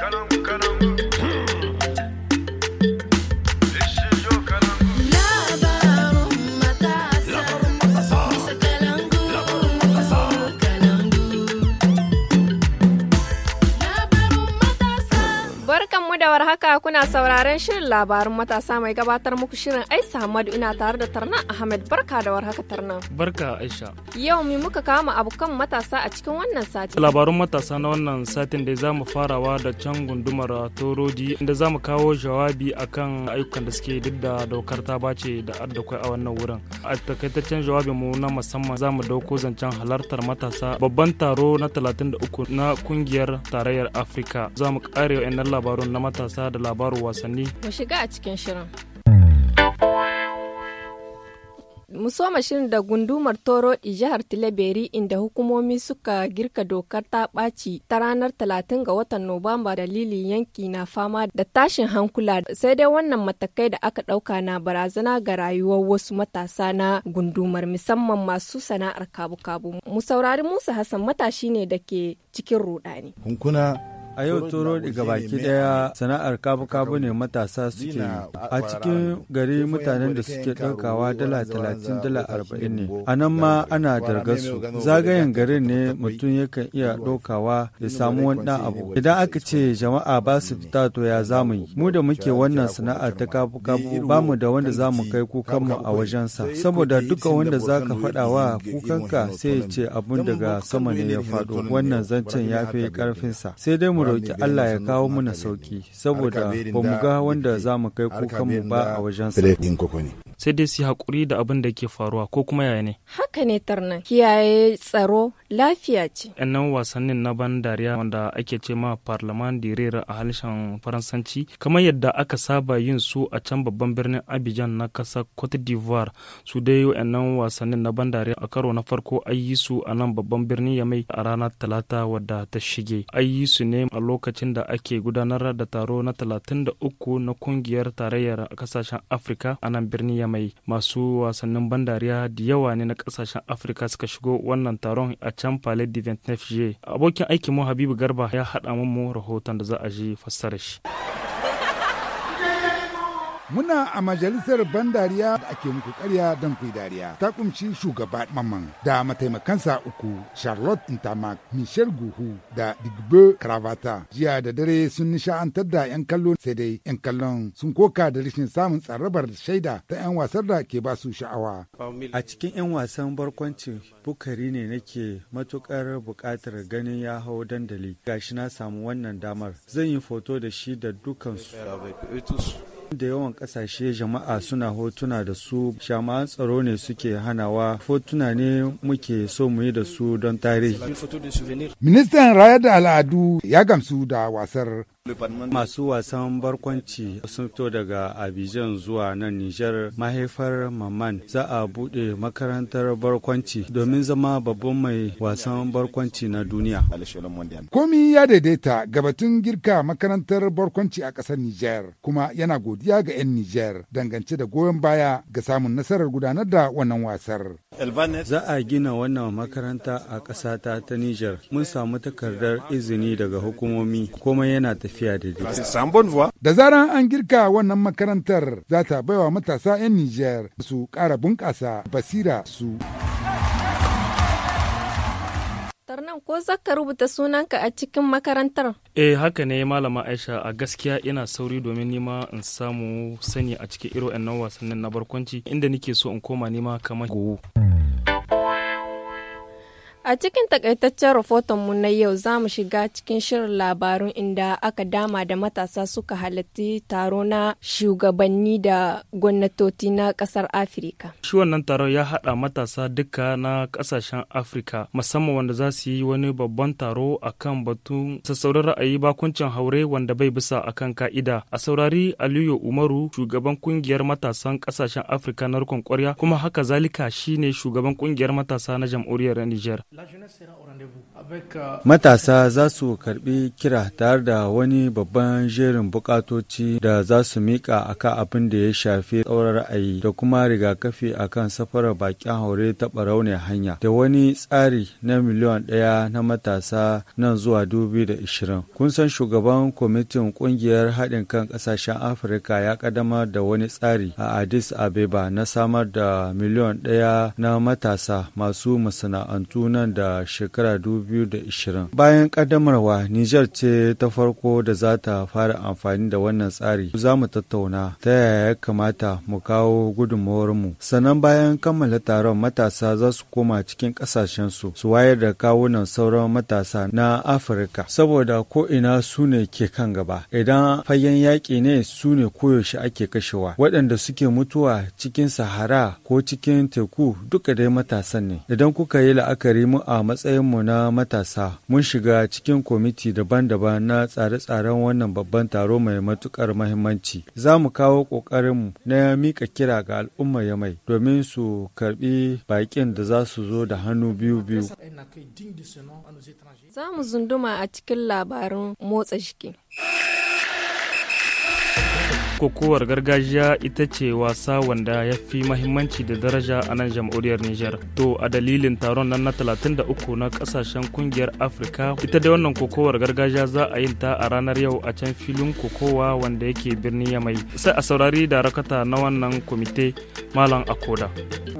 Caramba, caramba. haka kuna sauraren shirin labarin matasa mai gabatar muku shirin Aisha Hamadu ina tare da Tarna Ahmed barka da haka Tarna. Barka Aisha. Yau mi muka kama abokan matasa a cikin wannan sati. Labarun matasa na wannan satin da zamu mu farawa da can gundumar Torodi inda zamu kawo jawabi akan ayyukan da suke duk da dokar ta bace da addakwai a wannan wurin. A takaitaccen jawabin mu na musamman za dauko zancen halartar matasa babban taro na 33 na kungiyar tarayyar Afirka. Za kare wa'annan labarun na matasa matasa da labarin wasanni. Mu shiga a cikin shirin. mu soma shirin da gundumar toro jihar Tileberi inda hukumomi suka girka dokar ta ɓaci ta ranar 30 ga watan nobamba dalilin yanki na fama da tashin hankula sai dai wannan matakai da aka ɗauka na barazana ga rayuwar wasu matasa na gundumar musamman masu sana'ar kabu-kabu mu saurari musa hassan matashi ne da ke cikin rudani. hunkuna a yau turo daga baki daya sana'ar kabu-kabu ne matasa suke yi. a cikin gari mutanen da suke ɗaukawa dala talatin dala arba'in ne a nan ma ana dargasu zagayen garin ne mutum yakan iya ɗaukawa ya samu wani ɗan abu idan aka ce jama'a ba su fita to ya zamu yi mu da muke wannan sana'ar ta kabu-kabu ba mu da wanda za mu kai kukanmu a wajensa saboda duka wanda za ka faɗa wa kukanka sai ya ce abun daga sama ne ya faɗo wannan zancen ya fi ƙarfinsa sai dai mu roki Allah ya kawo muna sauki saboda ba mu ga wanda za mu kai kukanmu ba a wajen sa. sai dai su haƙuri da abin da ke faruwa ko kuma yaya ne haka ne tarna kiyaye tsaro lafiya ce nan wasannin na ban dariya wanda ake ce ma parlement de rera a harshen faransanci kamar yadda aka saba yin su a can babban birnin abidjan na kasar cote d'ivoire su dai nan wasannin na ban dariya a karo na farko an yi su a nan babban birnin yamai a ranar talata wadda ta shige an yi su ne a lokacin da ake gudanar da taro na uku na kungiyar tarayyar kasashen afirka a nan birnin yamai mai masu wasannin ban dariya da yawa ne na kasashen afirka suka shigo wannan taron a can palais de 29 abokin aikin mu habibu garba ya haɗa mu rahoton da za a je fassarar shi Muna a majalisar bandariya da ake muku karya don kuyi dariya. Ta kumci shugaba Mamman da mataimakansa uku Charlotte Intermark, Michel Guhu da Digbe Kravata. Jiya da dare sun nisha'antar da 'yan kallon sai dai 'yan kallon sun koka da rashin samun tsarabar shaida ta 'yan wasan da ke ba su sha'awa. A cikin 'yan wasan barkwanci Bukari ne nake matukar buƙatar ganin ya hau dandali. Gashi na samu wannan damar. Zan yi foto da shi da dukansu. da yawan kasashe jama'a suna hotuna da su jama'an tsaro ne suke hanawa hotuna ne muke so mu yi da su don tarihi ministan rayar da al'adu ya gamsu da wasar Masu wasan barkwanci sun fito daga Abidjan zuwa nan Nijar mahaifar Maman za a buɗe makarantar barkwanci domin zama babban mai wasan barkwanci na duniya. Komi ya daidaita gabatun girka makarantar barkwanci a ƙasar Nijar kuma yana godiya ga 'yan Nijar dangance da goyon baya ga samun nasarar gudanar da wannan wasar. Za a gina wannan makaranta a ƙasata ta Nijar. Mun samu takardar izini daga hukumomi komai yana tafiya. tafiya Da zarar an girka wannan makarantar za ta baiwa matasa 'yan Nijar su kara bunƙasa basira su. tarnan ko zaka rubuta sunanka a cikin makarantar? Eh haka ne malama Aisha a gaskiya ina sauri domin nima in samu sani a cikin irin wasannin na barkwanci inda nike so in koma nima kamar A cikin takaitaccen rahoton mu na yau za mu shiga cikin shirin labarun inda aka dama da matasa suka halarci taro na shugabanni da gwamnatoci na kasar Afirka. Shi wannan taron ya haɗa matasa duka na ƙasashen Afirka musamman wanda za su yi wani babban taro akan kan batun sassauran ra'ayi bakuncin haure wanda bai bisa akan ka'ida. A saurari Aliyu Umaru shugaban kungiyar matasan kasashen Afirka na rukun kwarya kuma haka zalika shine shugaban kungiyar matasa na jamhuriyar Nijar. Euh, matasa za su karbi kira tare da wani babban jerin bukatoci da za su mika akan abin da ya shafi tsaurar ra'ayi da kuma rigakafi akan safarar bakin haure ta barauni hanya da wani tsari na miliyan daya na matasa nan zuwa ishirin. Kun san shugaban kwamitin kungiyar haɗin kan ƙasashen Afirka ya ƙaddamar da wani tsari a Addis Abeba na samar da miliyan daya na matasa masu masana'antu nan nan da shekara 2020. Bayan ƙaddamarwa, Niger ce ta farko da za ta fara amfani da wannan tsari. Za mu tattauna ta yaya ya kamata mu kawo mu Sannan bayan kammala taron matasa za su koma cikin ƙasashen su wayar da kawunan sauran matasa na Afirka. Saboda ko ina su ne ke kan gaba. Idan fagen yaƙi ne su ne koyaushe ake kashewa. Waɗanda suke mutuwa cikin Sahara ko cikin teku duka dai matasan ne. Idan kuka yi la'akari mu a matsayinmu na matasa mun shiga cikin kwamiti daban-daban na tsare-tsaren wannan babban taro mai matukar mahimmanci. Za mu kawo ƙoƙarinmu na mika kira ga al'umma ya mai domin su karbi baƙin da za su zo da hannu biyu-biyu. Za mu zunduma a cikin labarin motsa jiki. kokowar gargajiya ita ce wasa wanda ya fi mahimmanci da daraja a nan jam'uriyar Nijar. To a dalilin taron nan na 33 na kasashen kungiyar Afirka ita da wannan kokowar gargajiya za a yin ta a ranar yau a can filin kokowa wanda yake birnin Yamai. Sai a saurari da rakata na wannan kwamite Malam Akoda.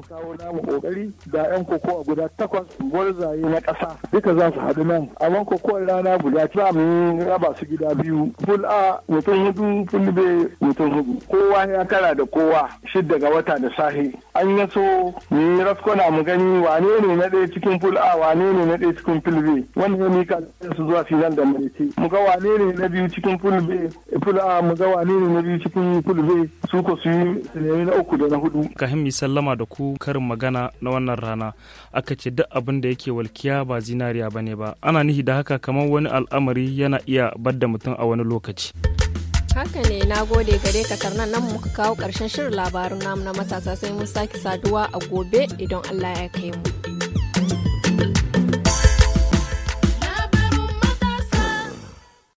kawo namu kokari da 'yan kokowa guda takwas gwarzaye na ƙasa duka za su haɗu nan. Amma kokowar rana guda ta mu raba su gida biyu. A mutum hudu, bai mutum kowa ya kara da kowa shi daga wata da sahi an yi so mu yi raskona mu gani wane ne na ɗaya cikin ful a wane ne na ɗaya cikin pul b wanda ya mika su zuwa final da mariti mu ga wane ne na biyu cikin ful b ful a mu ga wane ne na biyu cikin ful b su ko su yi sinemi na uku da na hudu ka himmi sallama da ku karin magana na wannan rana aka ce duk abin da yake walkiya ba zinariya bane ba ana nihi da haka kamar wani al'amari yana iya bada mutum a wani lokaci. Haka ne na gode gare ka karnan nan muka kawo ƙarshen shirin labarun namu na matasa sai mun sake saduwa a gobe idan Allah ya kai mu.